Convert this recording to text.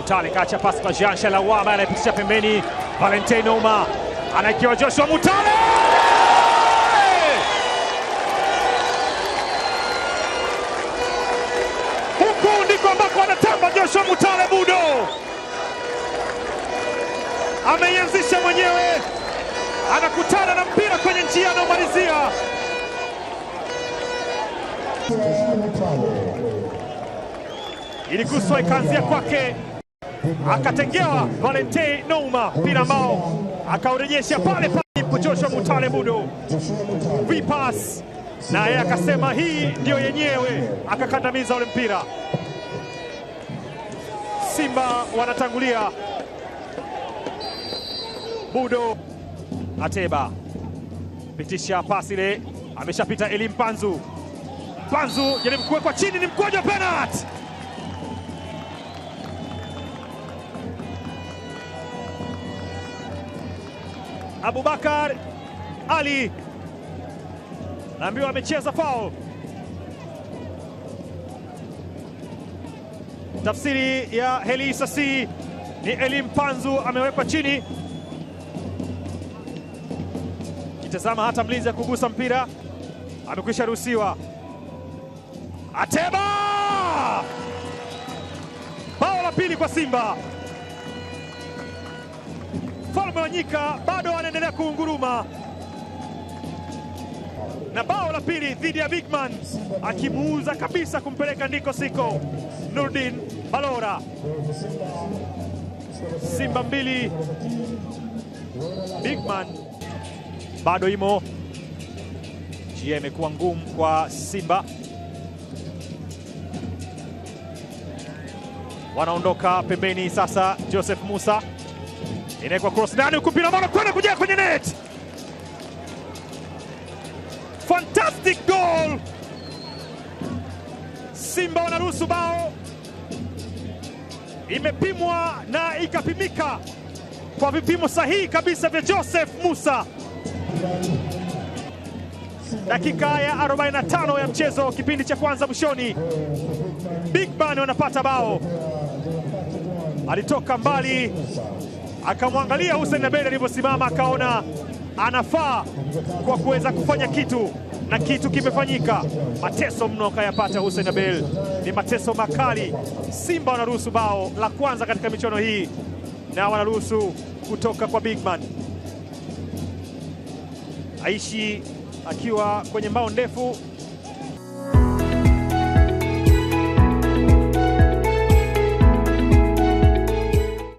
Mutale kacha pasi kwa Jean ambaye anayepitisha pembeni. Valentino Uma anaikiwa Joshua Mutale huku ndiko ambako anatamba Joshua Mutale Budo, ameianzisha mwenyewe, anakutana na mpira kwenye njia anaomalizia ilikuswa ikaanzia kwake akatengewa Valente Nouma, mpira ambao akaurejesha pale pale Joshua Mutale Mudo vipas, na yeye akasema hii ndiyo yenyewe, akakandamiza ule mpira. Simba wanatangulia. Budo Ateba pitisha pasi ile, ameshapita Elim Panzu. Panzu jaribu kuwekwa chini, ni mkwaju wa penalty Abubakar Ali naambiwa amecheza fao. Tafsiri ya Heli Sasi ni Elim Panzu amewekwa chini, kitazama hata mlinzi ya kugusa mpira, amekwisha ruhusiwa. Ateba bao la pili kwa Simba. Falme wa Nyika bado anaendelea kuunguruma na bao la pili dhidi ya Bigman akimuuza kabisa kumpeleka ndiko siko. Nurdin Balora. Simba mbili Bigman bado imo. Njia imekuwa ngumu kwa Simba, wanaondoka pembeni sasa. Joseph Musa inawekwa cross ndani, huku Piramona kwenda kujia kwenye net. Fantastic goal! Simba wanaruhusu bao, imepimwa na ikapimika kwa vipimo sahihi kabisa vya Joseph Musa. Dakika ya 45 ya mchezo, kipindi cha kwanza mwishoni, Big Ban wanapata bao. Alitoka mbali akamwangalia Hussein abel alivyosimama, akaona anafaa kwa kuweza kufanya kitu na kitu kimefanyika. Mateso mno akayapata Hussein Abel, ni mateso makali. Simba wanaruhusu bao la kwanza katika michuano hii na wanaruhusu kutoka kwa Bigman Aishi akiwa kwenye mbao ndefu.